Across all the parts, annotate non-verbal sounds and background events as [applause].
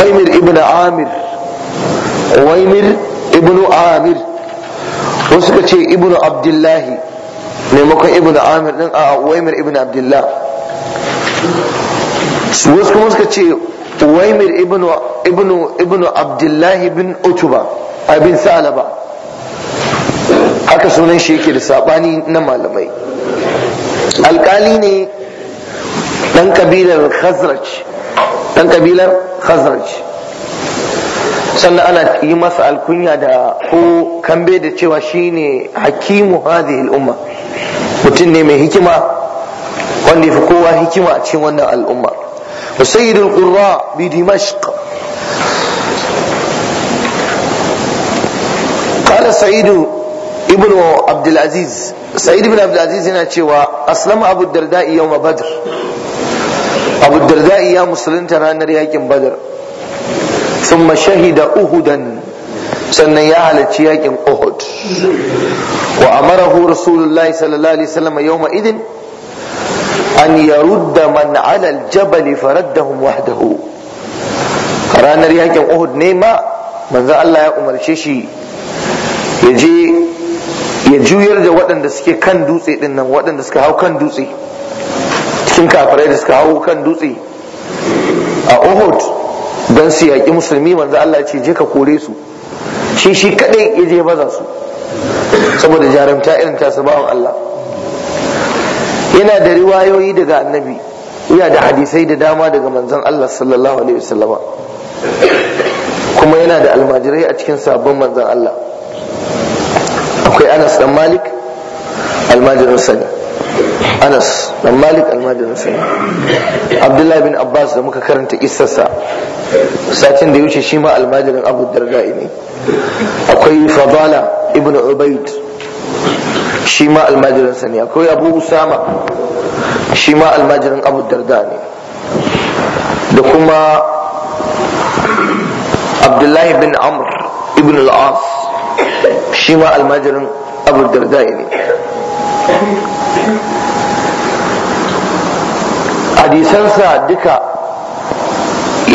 uwaimir ibn amir uwaimir ibn amir wasu suka ce ibn abdullahi maimakon ibn amir din ابن uwaimir ibn abdullah wasu kuma ابن ce ابن ibn abdullahi bin utuba abin salaba haka sunan shi yake da sabani na malamai alkali ne dan kabilar khazraj dan kabilar khazraj sannan ana yi masa alkunya da ko kambe da cewa shine hakimu hadhihi al'umma mutum ne mai hikima wanda ya fi kowa hikima a cikin wannan al'umma sayyidul qurra bi dimashq qala sa'idu ibn abdul aziz sa'id ibn abdul aziz yana cewa aslama abu darda yawm badr abu darda'i ya musulunta ranar yakin badar thumma shahida uhudan sannan ya halarci yakin uhud wa amarahu rasulullahi sallallahu alaihi wasallam yawma idin an yarudda man ala aljabal faraddahum wahdahu ranar yakin uhud ne ma manzo Allah ya umarce shi ya je ya juyar da waɗanda suke kan dutse ɗinnan, nan waɗanda suka hau kan dutse cikin kafirai da suka hau kan dutse a Uhud don su yaƙi musulmi manzo Allah ce je ka kore su shi shi kadai ya je baza su saboda jarumta irin ta su bawan Allah yana da riwayoyi daga annabi yana da hadisai da dama daga manzon Allah sallallahu alaihi wasallama kuma yana da almajirai a cikin sabon manzon Allah akwai Anas dan Malik almajirin sani Anas dan malik almajirin sa abdullahi bin abbas da muka karanta kissarsa satin da ya wuce shi ma almajirin abu darda'i ne akwai fadala ibn ubaid shi ma almajirin sa ne akwai abu usama shi ma almajirin abu darda ne da kuma abdullahi bin amr ibn al-as shi ma almajirin abu darda ne hadisansa duka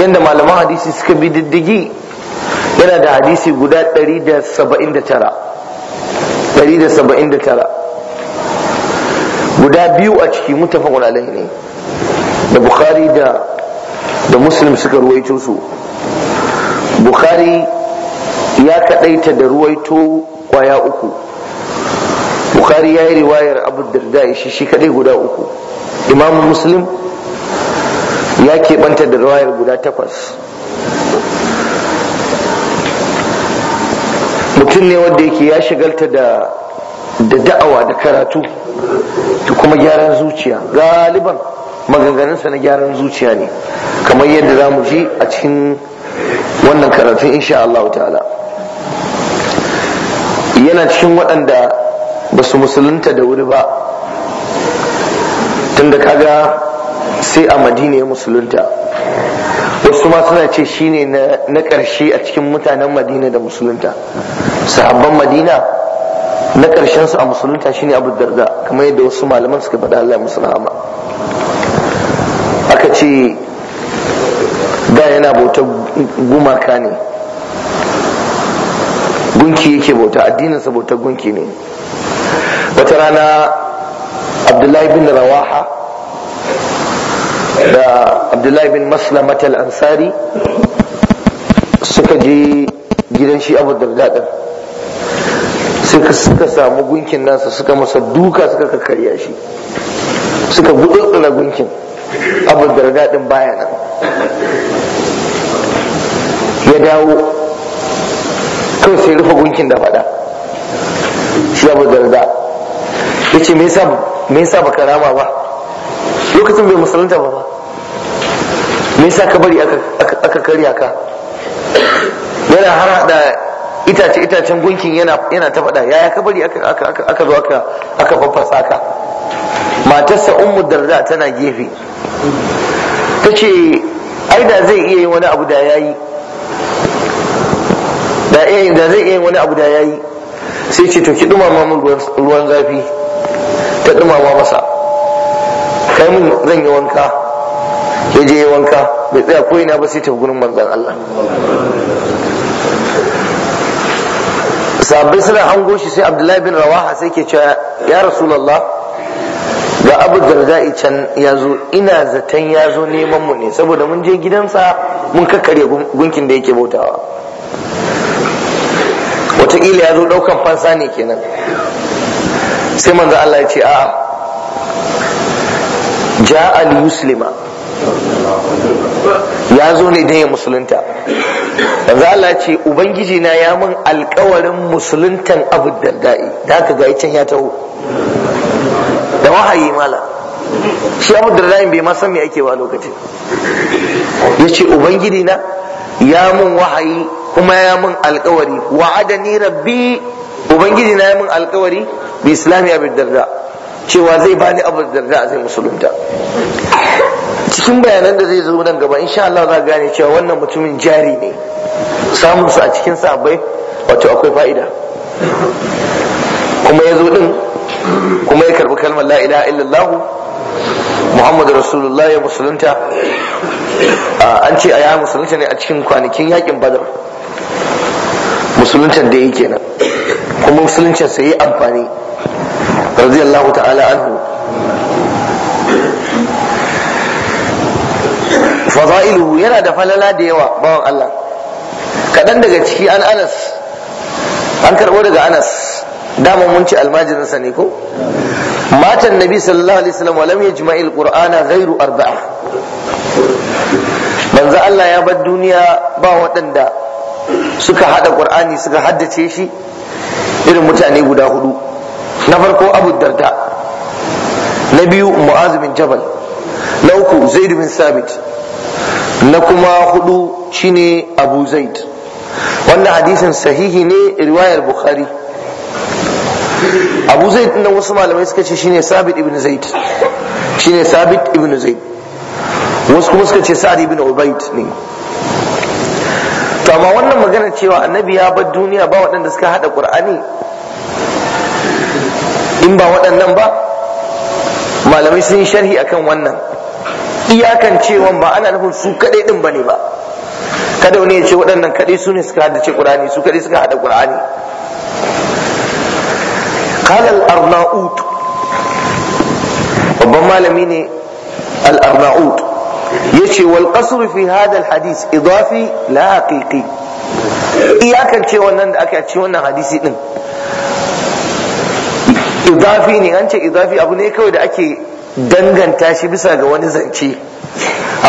yadda malaman hadisi suka bi diddigi yana da hadisi guda 179 guda biyu a ciki mutafakun alaihi ne da bukhari da muslim suka ruwaito su bukhari ya kadaita da ruwaito kwaya uku bukhari ya yi riwayar abu darda shi shi kadai guda uku imamu muslim ya keɓanta da ruwayar guda takwas mutum ne wanda yake ya shigalta da da da'awa da karatu da kuma gyaran zuciya galiban maganganunsa na gyaran zuciya ne kamar yadda za mu ji a cikin wannan karatun insha Allah ta'ala yana cikin waɗanda ba su musulunta da wuri ba tunda kaga sai a madina ya musulunta wasu ma suna ce shine na ƙarshe a cikin mutanen madina da musulunta sahabban madina na ƙarshen su a musulunta shine abu darda kamar yadda wasu malaman suka faɗa Allah musu rahama aka ce da yana bauta gumaka ne gunki yake bauta addininsa bauta gunki ne wata rana abdullahi bin rawaha da abdullahi bin maslamat al-ansari suka je gidan shi abu darda suka suka samu gunkin nasa suka masa duka suka kakkarya shi suka gudurɗura gunkin abu darda baya nan ya dawo kawai sai rufe gunkin da fada shi abu darda ya ce me yasa baka rama ba lokacin bai musulunta ba me yasa ka bari aka karya ka yana har hada itace itacen gunkin yana ta faɗa yaya ka bari aka zo aka fafasa ka matarsa ummu darda tana gefe ta ce ai da zai iya yin wani abu da yayi da zai iya yin wani abu da yayi sai ce to ki ɗumama min ruwan zafi ta dumama masa kai mun zan yi wanka ya je yi wanka bai tsaya ko ina ba sai ta gurin manzon Allah sabbin suna hango shi sai abdullahi bin rawaha sai ke cewa ya rasulallah ga abu darda'i can ya zo ina zaton ya zo neman mu ne saboda mun je gidansa mun kakkarya gunkin da yake bautawa wataƙila ya zo ɗaukan fansa ne kenan sai manzo Allah ya ce a ja'a li muslima ya zo ne dan ya musulunta manzo Allah ya ce ubangiji na ya mun alƙawarin musuluntan abu dardai da ka ga can ya taho da wahayi mala shi abu dardai bai ma san me ake ba lokacin yace ubangiji na ya mun wahayi kuma ya mun alƙawari wa'adani rabbi ubangiji na yi min alkawari bi islami abu darda cewa zai bani abu darda zai musulunta cikin bayanan da zai zo nan gaba insha Allah za gane cewa wannan mutumin jari ne samun su a cikin bai wato akwai fa'ida kuma ya zo din kuma ya karbi kalmar la ilaha illallah muhammadu rasulullah ya musulunta an ce a ya musulunta ne a cikin kwanakin yakin badar musuluntan da yake kenan kuma musuluncin sa yi amfani radiyallahu ta'ala anhu fada'iluhu yana da falala da yawa bawan Allah kaɗan daga ciki an anas an karɓo daga anas dama mun ci almajirinsa ne ko matan nabi sallallahu alaihi wasallam walam yajma'i alqur'ana ghairu arba'a manzo Allah ya bar duniya ba waɗanda suka hada qur'ani suka haddace shi irin mutane guda hudu na farko abu darda na biyu mu'az bin jabal na uku zaid bin sabit na kuma hudu shine abu zaid wannan hadisin sahihi ne riwayar bukhari abu zaid nan wasu malamai suka ce shine sabit ibn zaid shine sabit ibn zaid wasu kuma suka ce sa'ad ibn ubaid ne to amma wannan magana cewa annabi ya bar duniya ba waɗanda suka haɗa ƙur'ani in ba waɗannan ba malamai sun yi sharhi akan wannan iyakan cewa ba ana nufin su kaɗai ɗin ba ne ba kada wani ya ce waɗannan kaɗai su ne suka haddace ƙur'ani su kaɗai suka haɗa ƙur'ani kalal arna'ut babban malami ne al'arnaut yace wal qasr fi hada al hadith idafi la haqiqi iyakan ce wannan da aka ce wannan hadisi din idafi ne an ce idafi abu ne kawai da ake danganta shi bisa ga wani zance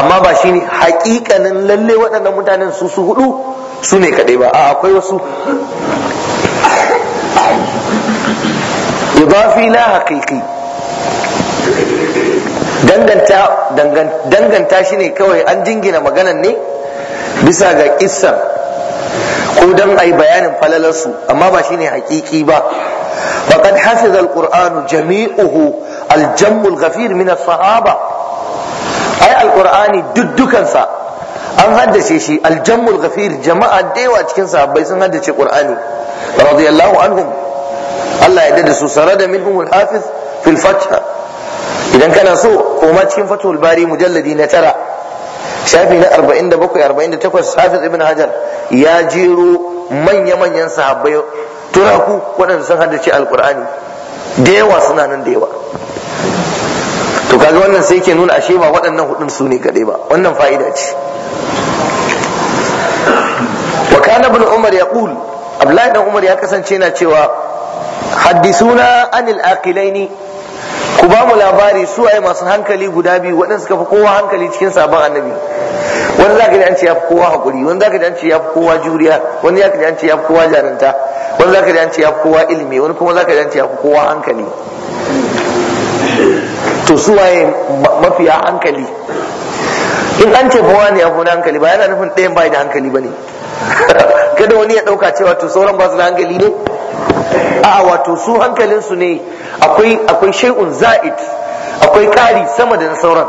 amma ba shi ne hakikanin lalle waɗannan mutanen su su hudu su ne kaɗai ba a akwai wasu idafi la haƙiƙi danganta shi ne kawai an jingina maganan ne bisa ga kissa ko don a yi bayanin falalarsu amma ba shi ne hakiki ba faƙad Al-Ƙur'anu jami'uhu aljammul ghafir min sahaba ai alƙur'ani duddukansa an haddace shi aljammul ghafir jama'a da yawa cikin sahabbai sun haddace ƙur'ani radiyallahu anhum Allah ya da su sarada minhum alhafiz fil fatha idan kana so koma cikin fatul bari mujalladi na tara shafi na 47 48 hafiz ibn hajar ya jero manya-manyan sahabbai turaku waɗanda sun ce alkur'ani da yawa suna nan da yawa to kaga wannan sai ke nuna ashe ba waɗannan hudun su ne kaɗai ba wannan fa'ida ce wa kana ibn umar ya qul abdullahi dan umar ya kasance yana cewa haddisuna anil aqilaini ku ba mu labari su ai masu hankali guda biyu waɗanda suka fi kowa hankali cikin sabon annabi wani za ka ji an ce ya fi kowa haƙuri wani za ka ji an ce ya fi kowa juriya wani za ka ji an ce ya fi kowa jarinta wani za ka ji an ce ya fi kowa ilimi wani kuma za ka ji an ce ya fi kowa hankali to su waye mafiya hankali in an ce kowa ne ya fi hankali ba yana nufin ɗayan bai da hankali ba ne [laughs] kada wani ya ɗauka cewa to sauran ba su da hankali ne a wato su hankalinsu ne akwai akwai shay'un za'id akwai ƙari sama da na sauran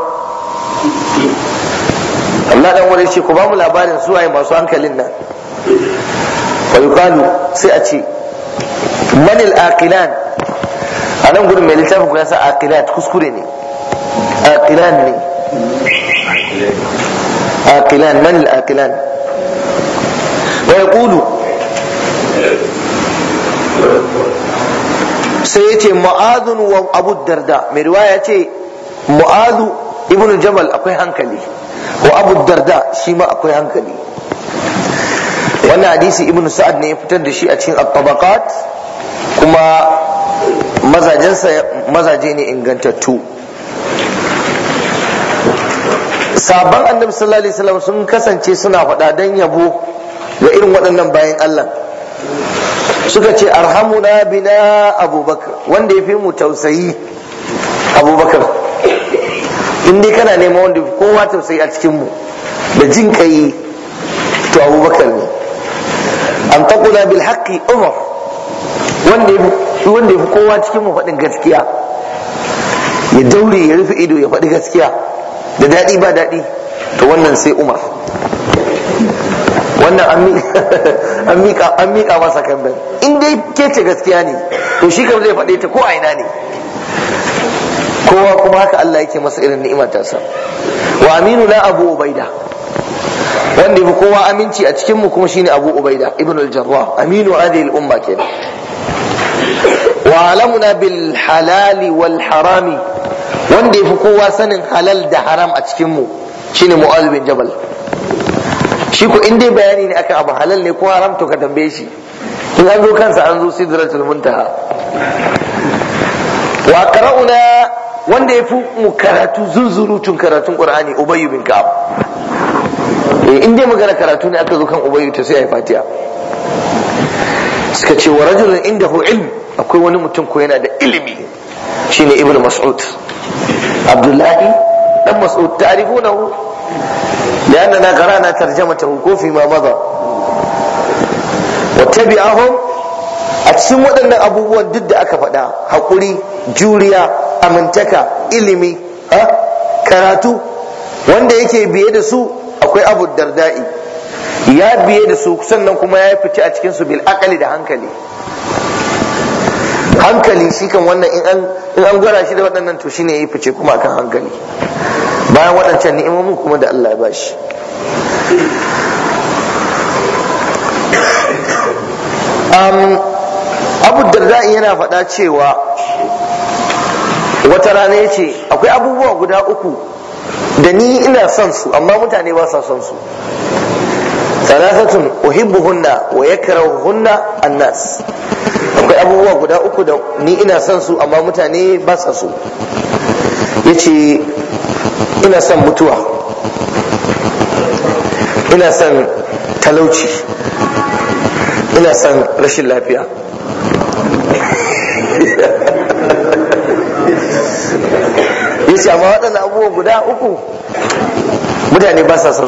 Allah dan wani ce ku ba mu labarin su ayi masu hankalin nan fa yuqalu sai a ce man al aqilan a nan gurin mai littafin ku yasa sa aqilat kuskure ne aqilan ne aqilan man al aqilan wa yaqulu sai ya ce mu'adun wa abu darda mai riwaya ce mu'adu ibn jamal akwai hankali wa abu darda shi ma akwai hankali Wani hadisi ibn sa'ad ne ya fitar da shi a cikin at-tabaqat kuma mazajensa mazaje ne ingantattu sabon annabi sallallahu alaihi wasallam sun kasance suna faɗa dan yabo ga irin waɗannan bayan Allah suka ce arhamuna bina abubakar wanda ya fi mu tausayi abubakar in dai kana nema wanda kowa tausayi a cikin mu da jin kai to abubakar ne an taqula bil haqqi umar wanda ya fi kowa cikinmu faɗin gaskiya ya daure ya rufe ido ya faɗi gaskiya da daɗi ba daɗi to wannan sai umar wannan an [laughs] miƙa masa kamben in dai ke ce gaskiya ne to shi kam zai faɗe ta ko a ina ne kowa kuma haka Allah yake masa irin ni'imar ta sa wa aminu la abu ubaida wanda yafi kowa aminci a cikin mu kuma shine abu ubaida ibn al-jarrah aminu hadhihi al-umma kenan wa alamuna bil halali wal harami wanda yafi kowa sanin halal da haram a cikin mu shine mu'adh bin jabal shi ko in dai bayani ne akan abu halal ne ko haram to ka tambaye shi in an zo kansa an zo sidratul muntaha wa qara'una wanda yafi fi mu karatu zunzurutun karatun qur'ani ubayy bin ka'ab eh inda magana karatu ne aka zo kan ubayy ta sai ai fatiha suka ce wa rajulun indahu ilm akwai wani mutum ko yana da ilimi shine ibnu mas'ud abdullahi dan mas'ud ta'rifunahu لأننا قرأنا ترجمته في ما مضى wattabi'ahum a cikin waɗannan abubuwan duk da aka faɗa hakuri juriya amintaka ilimi eh, karatu wanda yake biye da su akwai abu darda'i ya biye da su sannan kuma ya fice a cikin su bil akali da hankali hankali shi kan wannan in an gwara shi da waɗannan to shine ya fice kuma akan hankali bayan waɗancan ni'imomin kuma da Allah ya bashi Um, abu darda'i yana faɗa cewa wata rana ya ce akwai abubuwa guda uku da ni ina son su amma mutane ba sa son su thalathatun hunna wa an annas akwai abubuwa guda uku da ni ina son su amma mutane ba sa so yace ina son mutuwa ina son talauci ina son rashin lafiya ce amma waɗanda abubuwa guda uku mutane ba sa su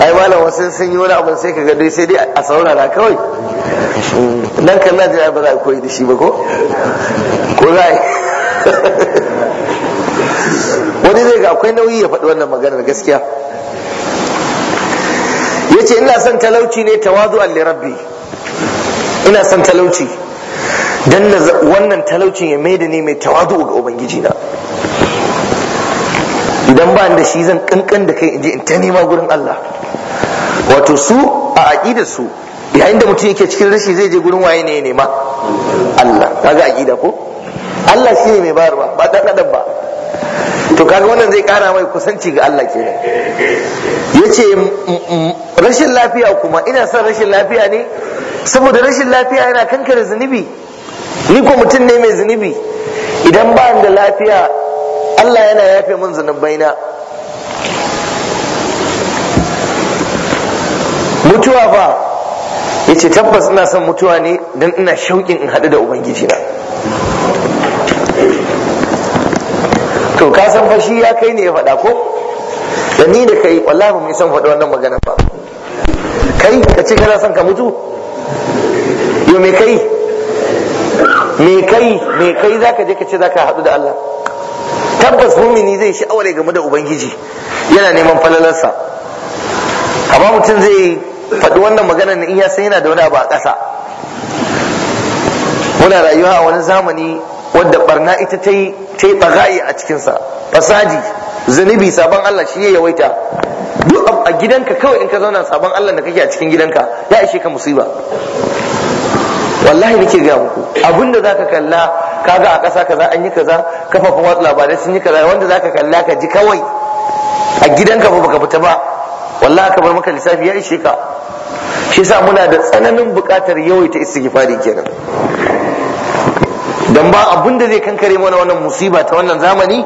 ai malam wasu sun yi wani abin sai ka gado sai dai a saurara kawai nan kan na jira ba za a koyi da shi ba ko ko za a wani zai ga akwai nauyi ya faɗi wannan maganar gaskiya yace ina son talauci ne tawadu'an alli rabbi ina son talauci dan wannan talaucin ya maida ne mai tawadu ga ubangiji na idan ba da shi zan kankan da kai in je in ta nema gurin Allah wato su a aqidar su yayin da mutum yake cikin rashi zai je gurin waye ne ya nema Allah kaga aqida ko Allah shine mai bayarwa ba dan adam ba to kaga wannan zai kara mai kusanci ga Allah kenan yace rashin lafiya kuma ina son rashin lafiya ne saboda rashin lafiya yana kankare zunubi ni ko mutum ne mai zunubi idan ba da lafiya Allah yana yafe min zunubaina mutuwa fa yace tabbas ina son mutuwa ne dan ina shauƙin in haɗu da ubangiji na to ka san fa ya kai ne ya faɗa ko da ni da kai wallahi mun san faɗi wannan magana ba kai ka ce kana son ka mutu yo me kai me kai me kai zaka je ka ce zaka haɗu da Allah tabbas mumini zai sha'awar game da ubangiji yana neman falalarsa amma mutum zai faɗi wannan maganar na iya san yana da wani abu a ƙasa muna rayuwa a wani zamani wadda barna ita ta yi tsagaye a cikinsa Fasaji, zunubi sabon Allah shi ya yawaita duk a gidanka kawai in ka zauna sabon Allah da kake a cikin gidanka ya ishe ka musiba wallahi nake ga muku abinda zaka kalla kaga a ƙasa kaza an yi kaza kafafen watsa labarai sun yi kaza wanda zaka kalla ka ji kawai a gidanka ba baka fita ba wallahi ka bar maka lissafi ya ishe ka shi sa muna da tsananin buƙatar yawaita istighfari kenan dan ba abun da zai kankare mana wannan musiba ta wannan zamani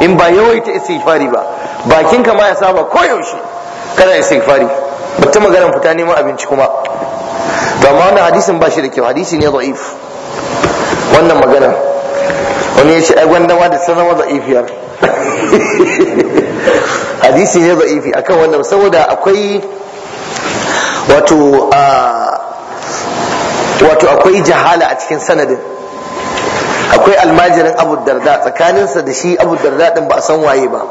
in ba yawaita istighfari ba bakin ka ma ya saba koyaushe kana istighfari bata maganar fita neman abinci kuma to amma wannan hadisin ba shi da kyau hadisi ne da'if wannan magana wani ya ce ai gwandama da sanarwa da'ifiyar [laughs] hadisi ne da'ifi akan wannan saboda akwai wato ah, wato akwai jahala a cikin sanadin akwai almajirin abu darda tsakaninsa da shi abu darda din ba a san waye ba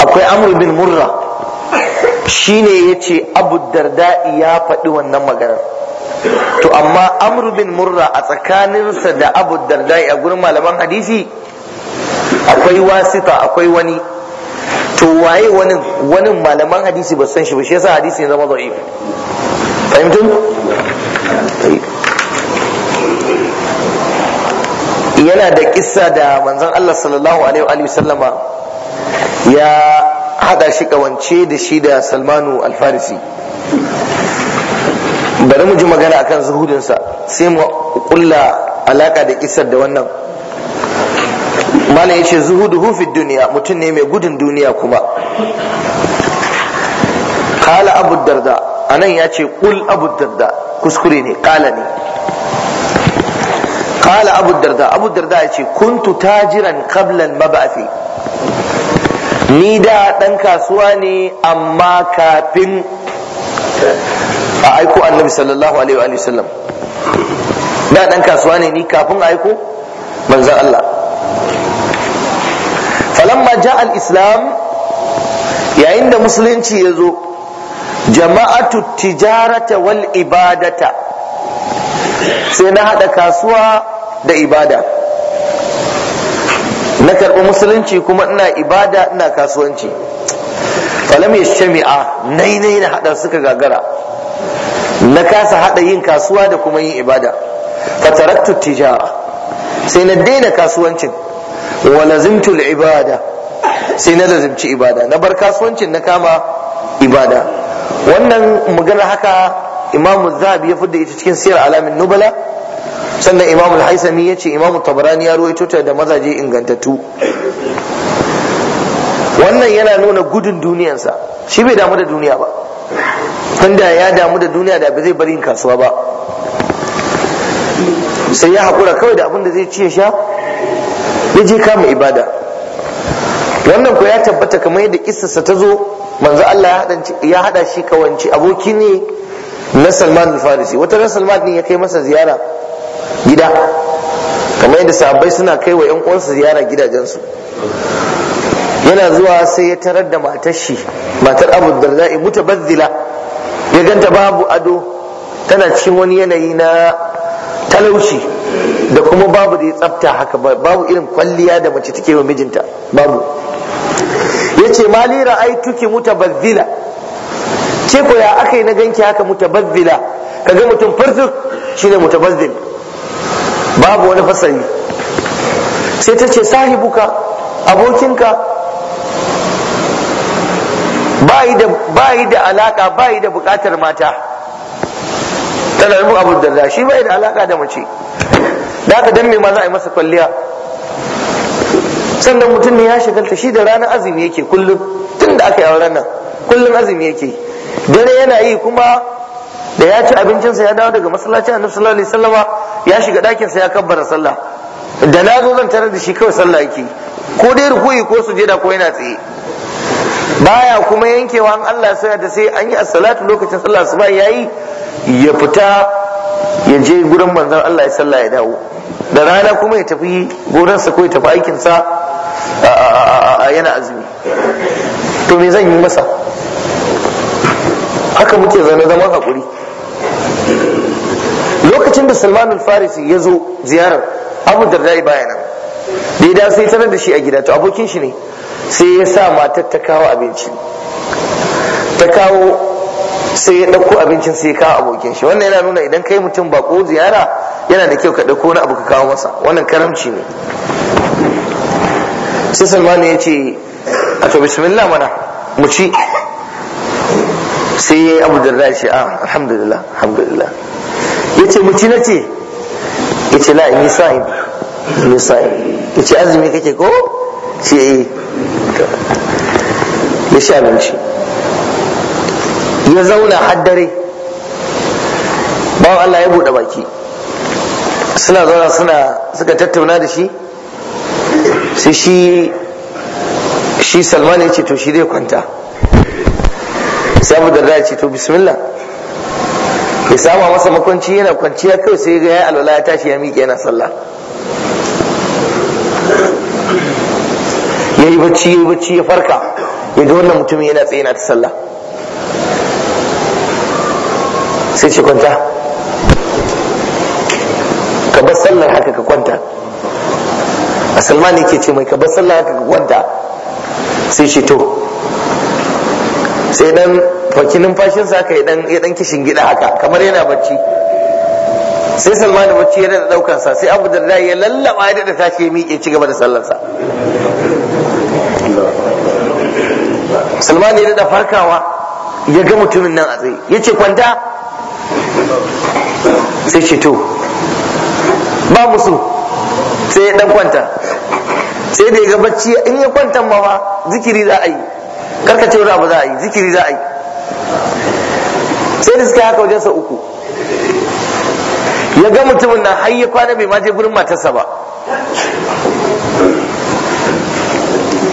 akwai amur bin murra shi ne ya ce abu darda ya faɗi wannan maganar to amma amur bin murra a tsakaninsa da abu darda a gurin malaman hadisi akwai wasita akwai wani to waye wani malaman hadisi ba san shi ba shi yasa hadisi ya zama zo'i yana da kissa da manzon Allah sallallahu alaihi wa sallama ya hada shi kawance da shi da Salmanu al-Farisi bari mu ji magana akan zuhudinsa sai mu kulla alaka da kisar da wannan malam yace zuhuduhu fi duniya mutum ne mai gudun duniya kuma Qala abu darda anan ya ce kul abu darda kuskure ne kala ne qala abu darda abu darda ya ce kuntu tajiran qabla al-mab'athi ni da ɗan kasuwa ne amma kafin a aiko annabi sallallahu alaihi wa sallam da ɗan kasuwa ne ni kafin a aiko manzon Allah falamma ja al-islam yayin da musulunci ya zo jama'atu tijarata wal ibadata sai na haɗa kasuwa da ibada na karɓi musulunci kuma ina ibada ina kasuwanci falam ya shami'a nai na hada suka gagara na kasa hada yin kasuwa da kuma yin ibada fataraktu tijara sai na daina kasuwancin wa lazimtu ibada sai na lazimci ibada na bar kasuwancin na kama ibada wannan magana haka imamu zahabi ya da ita cikin siyar alamin nubala sannan imamu al-haisami ya ce imamu tabarani ya ruwaito ta da mazaje ingantattu wannan yana nuna gudun duniyansa shi bai damu da duniya ba tunda ya damu da duniya da ba zai bari kasuwa ba sai ya haƙura kawai da abin da zai ci ya sha ya je kama ibada wannan ko ya tabbata kamar yadda kisarsa ta zo manzo Allah ya hada shi kawanci aboki ne na Salman al-Farisi wata ran Salman ne ya kai masa ziyara gida kamar yadda sahabbai suna kai wa 'yan uwansu ziyara gidajensu yana zuwa sai ya tarar da matar shi matar abu darda'i bazzila ya ganta babu ado tana cikin wani yanayi na talauci da kuma babu da ya tsafta haka babu irin kwalliya da mace take wa mijinta babu ya ce mali muta bazzila ce ko ya aka yi na ganki haka Ka ga mutum farzuk shine mutabazzil babu wani fasari sai ta ce sahibuka abokinka ba yi da alaka ba yi da bukatar mata tana yi abu da shi ba yi da alaka da mace da aka dan ma za a yi masa kwalliya sannan mutum ne ya shagalta shi da ranar azumi yake kullum tun da aka yi auren nan kullum azumi yake dare yana yi kuma da ya ci abincinsa ya dawo daga masallacin annabi sallallahu alaihi ya shiga ɗakinsa ya kabbara sallah da na zo zan tarar da shi kawai sallah yake ko dai rukuyi ko sujeda ko yana tsaye baya kuma yankewa an Allah sai da sai an yi as lokacin sallah su ba ya fita ya je gurin manzon Allah ya sallah ya dawo da rana kuma ya tafi gurinsa ko ya tafi aikinsa yana azumi to me zan yi masa haka muke zane zaman hakuri lokacin da salman al-farisi ya zo ziyarar abu da baya nan da ya dawo sai tarar da shi a gida to abokin shi ne sai ya sa matar ta kawo abinci ta kawo sai ya ɗauko abincin sai ya kawo abokin shi wannan yana nuna idan kai mutum bako ziyara yana da kyau ka ɗauko wani abu ka kawo masa wannan karamci ne sai salman ya ce a to bismillah mana mu ci sai ya yi abu da rashi a alhamdulillah alhamdulillah yace mu ci ce, yace la sa'in, sa'im sa'in ya yace azumi kake ko ce yi eh. ya sha abinci ya zauna haddare wa Allah ya buɗe baki suna zauna suna suka tattauna da shi sai shi shi salman ya ce to shi zai kwanta sai abu da ya ce to bismillah ya saba masa makwanci yana kwanciya kawai sai ga ya alwala ya tashi ya miƙe yana sallah ya yi bacci ya yi bacci ya farka ya ga wannan mutumin yana tsaye yana ta sallah sai ce kwanta ka bar sallar haka ka kwanta a salman yake ce mai ka bar sallar haka ka kwanta sai ce to sai dan faki numfashinsa ka ya dan kishin gida haka kamar yana bacci sai salmanu bacci ya daɗa ɗaukansa sai abu darda ya lallaba ya daɗa tashi ya miƙe ci gaba da sallarsa salmanu ya daɗa farkawa ya ga mutumin nan a tsaye ya ce kwanta sai ce to ba musu sai ya ɗan kwanta sai da ya ga bacci in ya kwanta ma zikiri za a yi karkace abu za a yi zikiri za a yi sai da suka haka wajensa uku ya ga mutumin na har ya kwana bai maje gurin matarsa ba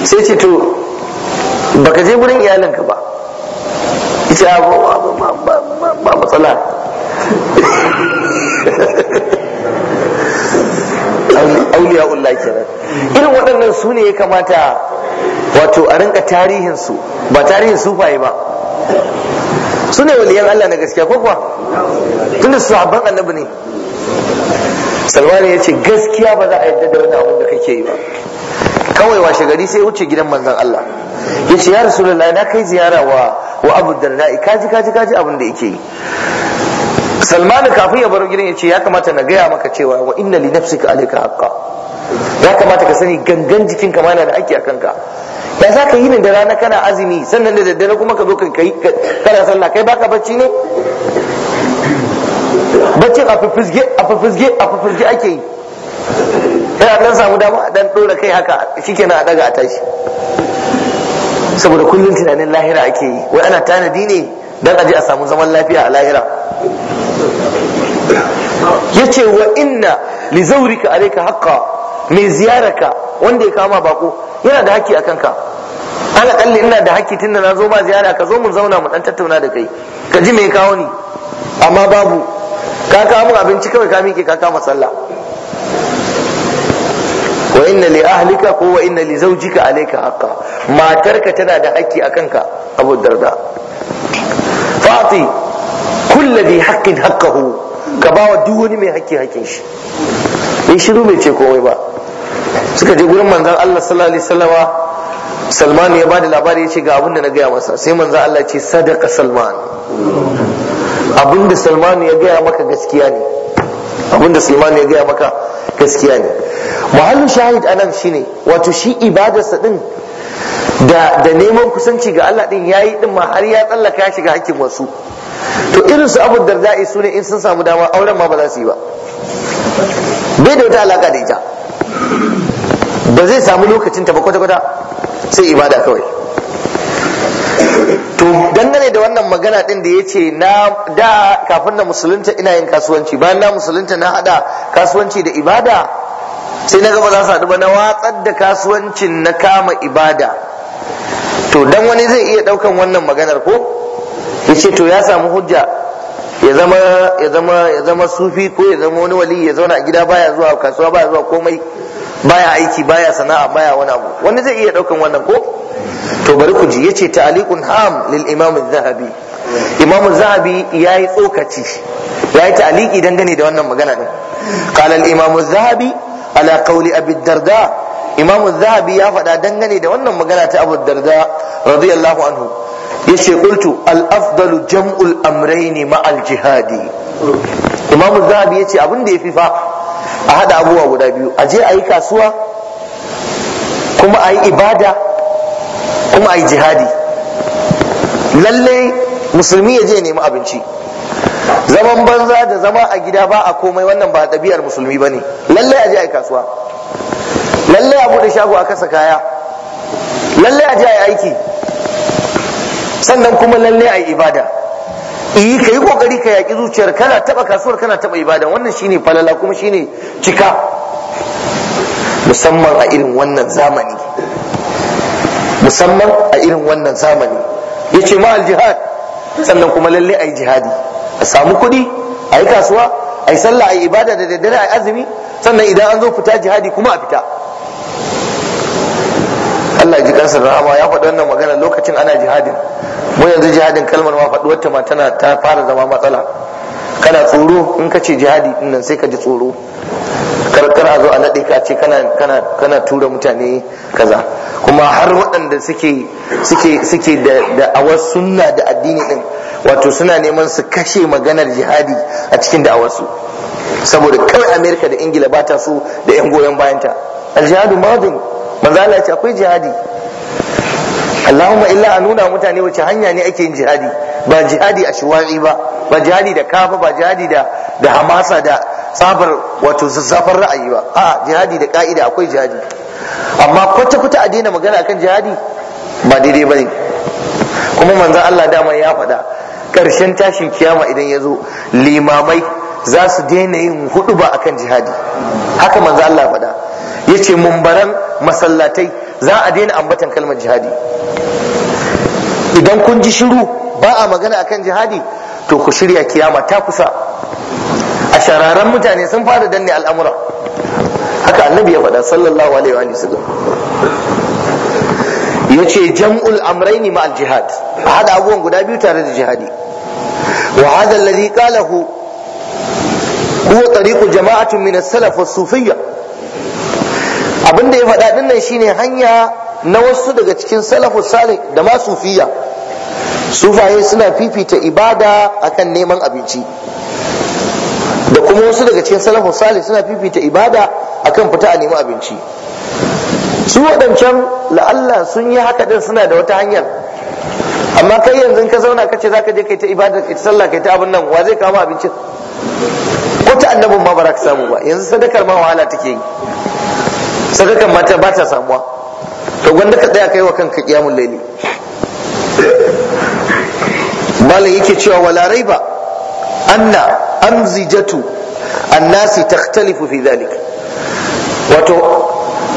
sai ce to baka je gurin iyalinka ba ita ce ba matsala auliya ulla kenan irin waɗannan su ne ya kamata wato a rinka tarihinsu ba tarihin sufaye ba su ne waliyan Allah na gaskiya ko kuwa tunda sahabban annabi ne salmani ya ce gaskiya ba za a yadda da wani abu da kake yi ba kawai washe gari sai wuce gidan manzon Allah ya ce ya rasulullahi na kai ziyara wa wa abu darda'i kaji kaji kaji abin da yake yi salmanu kafin ya bar gidan ya ce ya kamata na gaya maka cewa wa inna li nafsika alayka haqqa ya kamata ka sani gangan jikin ka mana da ake a kanka ya za ka yi da rana kana azumi sannan da daddare kuma ka zo ka kai kana sallah kai baka bacci ne bacci a fifizge a fifizge a fifizge ake yi sai a dan samu dama a dan dora kai haka shikenan a daga a tashi saboda kullum tunanin lahira ake yi wai ana tanadi ne dan aje a samu zaman lafiya a lahira yace wa inna li zawrika alayka haqqan mai ziyararka wanda ya kama bako yana da haƙƙi a kanka ala kalli ina da haƙƙi tunda na zo ba ziyara ka zo mu zauna mu dan tattauna da kai ka ji me kawo ni amma babu ka kawo abinci kawai ka miƙe ka kama sallah wa inna li ahlika ko wa inna li zawjika alayka haqqa matarka tana da haƙƙi a kanka abu darda fa'ati kulli bi haqqin haqqahu ka bawa duk wani mai haƙƙi haƙƙin shi in shiru bai ce komai ba suka je gurin manzan Allah sallallahu alaihi sallama Salman ya bada labari ya ce ga abin da na gaya masa sai manzan Allah ce sadaka Salman abin da Salman ya gaya maka gaskiya ne abin da Salman ya gaya maka gaskiya ne muhallin shahid anan shine wato shi ibadarsa din da da neman kusanci ga Allah din yayi din ma har ya tsallaka ya shiga hakkin wasu to irin su abu darda'i su ne in sun samu dama auren ma ba za su yi ba bai da wata alaka da ita ba zai samu lokacin ta ba kwata-kwata sai ibada kawai to dangane da wannan magana din da ya ce na da kafin na musulunta ina yin kasuwanci bayan na musulunta na hada kasuwanci da ibada sai na gaba za su haɗu ba na watsar da kasuwancin na kama ibada to dan wani zai iya ɗaukan wannan maganar ko ya ce to ya samu hujja ya zama ya zama ya zama sufi ko ya zama wani wali ya zauna a gida baya zuwa kasuwa baya zuwa komai baya aiki baya sana'a baya wani abu wani zai iya daukan wannan ko to bari ku ji yace ta'liqun ham lil imam az-zahabi imam az-zahabi yayi tsokaci yayi ta'liqi dangane da wannan magana din qala al imam az-zahabi ala qawli abi darda imam az-zahabi ya faɗa dangane da wannan magana ta abu darda radiyallahu anhu yace qultu al afdalu jam'ul ma al jihadi imam az-zahabi yace abin da yafi fa a haɗa abubuwa guda biyu a je a yi kasuwa kuma a yi ibada kuma a yi jihadi lalle musulmi ya je nemi abinci zaman banza da zama a gida ba a komai wannan ba ɗabi'ar musulmi ba ne lalle a je a yi kasuwa lalle a buɗe shago a kasa kaya lalle a je a yi aiki sannan kuma lalle a yi ibada E, eh, ka yi kokari ka yaƙi zuciyar kana taɓa kasuwar kana taɓa ibada wannan shine falala kuma shine cika musamman a irin wannan zamani musamman a irin wannan zamani ya ce ma aljihad sannan kuma lalle a yi jihadi a samu kuɗi a yi kasuwa a yi sallah a yi ibada da daddare a yi azumi sannan idan an zo fita jihadi kuma a fita Allah ji kansa da rahama ya faɗi wannan magana lokacin ana jihadin mu yanzu jihadin kalmar ma faɗuwar ta tana ta fara zama matsala kana tsoro in ka ce jihadi din nan sai ka ji tsoro karkar a zo a naɗe ka ce kana tura mutane kaza kuma har waɗanda suke suke suke da awar sunna da addini din wato suna neman su kashe maganar jihadi a cikin da da'awarsu saboda kawai amerika da ingila ba ta so da yan goyon bayanta al-jihadu madin manzo Allah ce akwai jihadi Allahumma illa a nuna mutane wace hanya ne ake yin jihadi ba jihadi a shiwari ba ba jihadi da kafa ba jihadi da da hamasa da tsabar wato zazzafar ra'ayi ba a jihadi da ka'ida akwai jihadi amma kwata kwata a daina magana akan jihadi ba daidai bane kuma manzo Allah dama ya faɗa karshen tashin kiyama idan ya zo limamai za su daina yin hudu ba akan jihadi haka manzo Allah faɗa yace mumbaran masallatai za a daina ambatan kalmar jihadi idan kun ji shiru ba a magana akan jihadi to ku shirya kiyama ta kusa a shararan mutane sun fara danne al'amura haka annabi ya faɗa sallallahu alaihi wa sallam yace jam'ul amraini ma'al jihad haɗa abubuwan guda biyu tare da jihadi wa hada alladhi qalahu huwa tariqu jama'atin min as-salaf was-sufiyya abin da ya faɗa din nan shine hanya na wasu daga cikin salafu salih da ma sufiya sufaye suna fifita ibada akan neman abinci da kuma wasu daga cikin salafu salih suna fifita ibada akan fita a nemi abinci su waɗancan la'alla sun yi haka din suna da wata hanyar amma kai yanzu ka zauna ka ce zaka je kai ta ibada kai ta sallah kai ta abin nan wa zai kama abincin ko ta annabin ma ba za ka samu ba yanzu sadakar ma wahala take yi kan mata ba ta samuwa to gwanda ka tsaya kai wa kanka kiyamun laili malam yake cewa wala ba? anna amzijatu annasi takhtalifu fi dhalik wato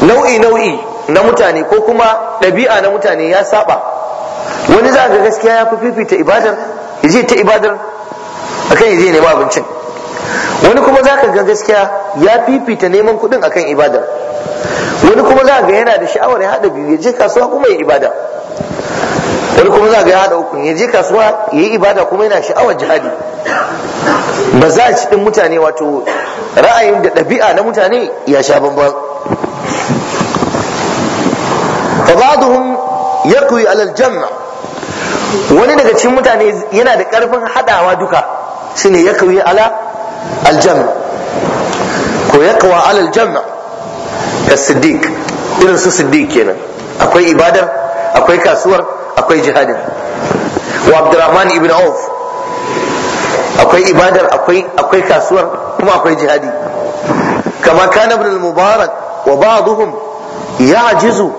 nau'i nau'i na mutane ko kuma ɗabi'a na mutane ya saba wani za ga gaskiya ya fi fifita ibadar yaje ta ibadar akan yaje nema abincin wani kuma za ka ga gaskiya ya fifita neman kuɗin akan ibadar wani kuma za ga yana da sha'awar ya haɗa biyu ya je kasuwa kuma ya ibada wani kuma za ga ya haɗa uku ya je kasuwa ya yi ibada kuma yana sha'awar jihadi ba za a cikin mutane wato ra'ayin da ɗabi'a na mutane ya sha bambam fa ba'dhum yakwi alal jam'a wani daga cikin mutane yana da ƙarfin haɗawa duka shine yakwi ala aljam'a ko yakwa ala aljam'a da siddiq irin su siddiq kenan akwai ibadar akwai kasuwar akwai jihadin wa abdurrahman ibn auf akwai ibadar akwai kasuwar kuma akwai jihadi kama kana ibn al-mubarak wa ba'dhum ya'jizu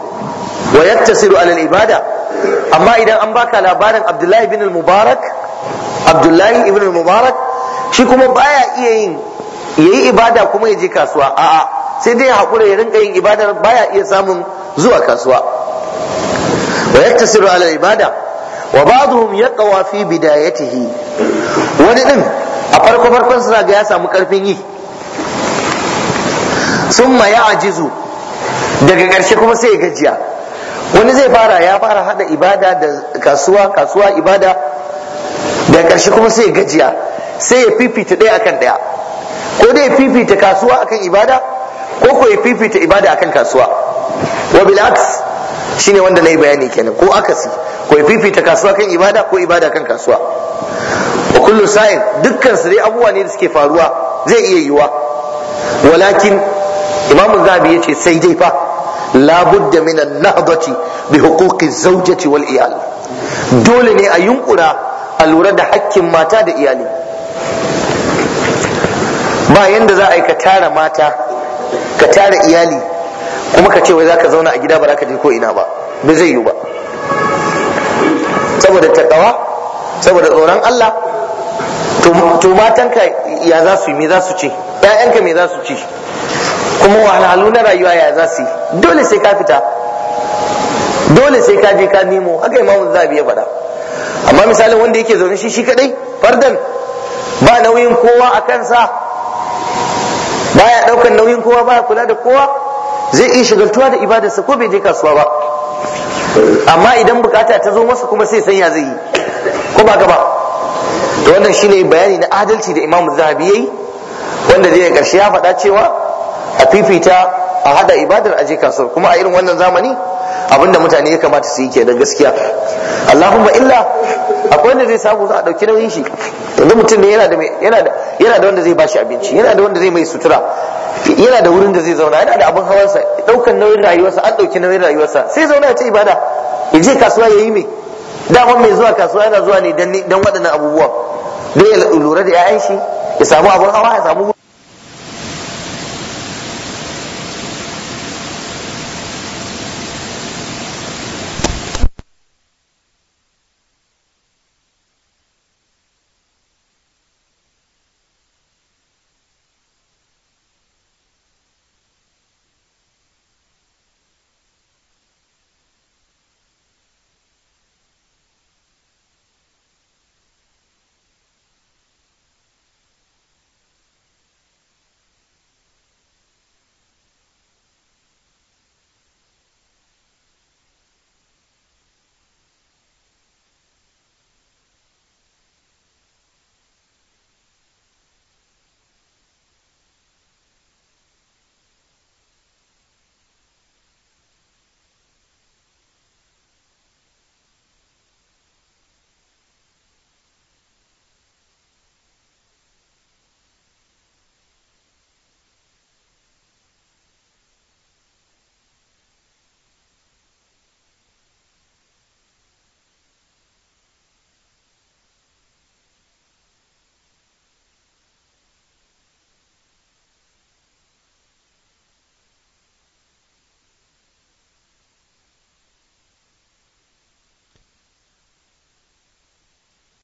wa yattasiru ala al-ibada amma idan an baka labarin abdullahi ibn al-mubarak abdullahi ibn al-mubarak shi kuma baya iya yin yayi ibada kuma ya je kasuwa a'a sai dai haƙura ya rinka yin ibadar baya iya samun zuwa kasuwa wa yaktasiru ala ibada wa ba'dhum yaqwa fi bidayatihi wani din a farko farkon suna ga ya samu karfin yi summa ya'jizu daga ƙarshe kuma sai ya gajiya wani zai fara ya fara hada ibada da kasuwa kasuwa ibada daga ƙarshe kuma sai ya gajiya sai ya fifita ɗaya akan ɗaya ko dai fifita kasuwa akan ibada ko ko ya fifita ibada akan kasuwa wa bil aks shine wanda nayi bayani kenan ko akasi ko ya fifita kasuwa kan ibada ko ibada kan kasuwa wa kullu sa'in dukkan su dai abubuwa ne da suke faruwa zai iya yiwa walakin imamu zabi yace sai dai fa labudda min an-nahdati bi huquqi zawjati wal iyal dole ne a yunkura a lura da hakkin mata da iyali ba yanda za a yi ka tara mata ka tara iyali kuma ka ce wai za ka zauna a gida ba za ka je ko ina ba ba zai yiwu ba saboda taɗawa, saboda tsoron Allah to matanka ya za su yi me za su ce ƴaƴanka me za su ce kuma wahalhalu na rayuwa ya za su yi dole sai ka fita dole sai ka je ka nemo haka imamu zabi ya faɗa amma misalin wanda yake zaune shi shi kadai fardan ba nauyin kowa a kansa baya daukan nauyin kowa baya kula da kowa zai iya shigaltuwa da ibadarsa ko bai je kasuwa ba amma idan bukata ta zo masa kuma sai sanya zai yi ko ba gaba to wannan shine bayani na adalci da imamu zahabi yayi wanda zai karshe ya faɗa cewa a fifita a hada ibadar aje kasuwar kuma a irin wannan zamani abinda mutane ya kamata su yi da gaskiya allahumma illa akwai wanda zai samu za a ɗauki nauyin shi yanzu mutum ne yana da yana da wanda zai bashi abinci yana da wanda zai mai sutura yana da wurin da zai zauna yana da abin hawansa daukan nauyin rayuwarsa an dauki nauyin rayuwarsa sai zauna ya ce ibada ya je kasuwa ya yi mai daman mai zuwa kasuwa yana zuwa ne don waɗannan abubuwan dai ya lura da 'ya'yan shi ya samu abin hawa ya samu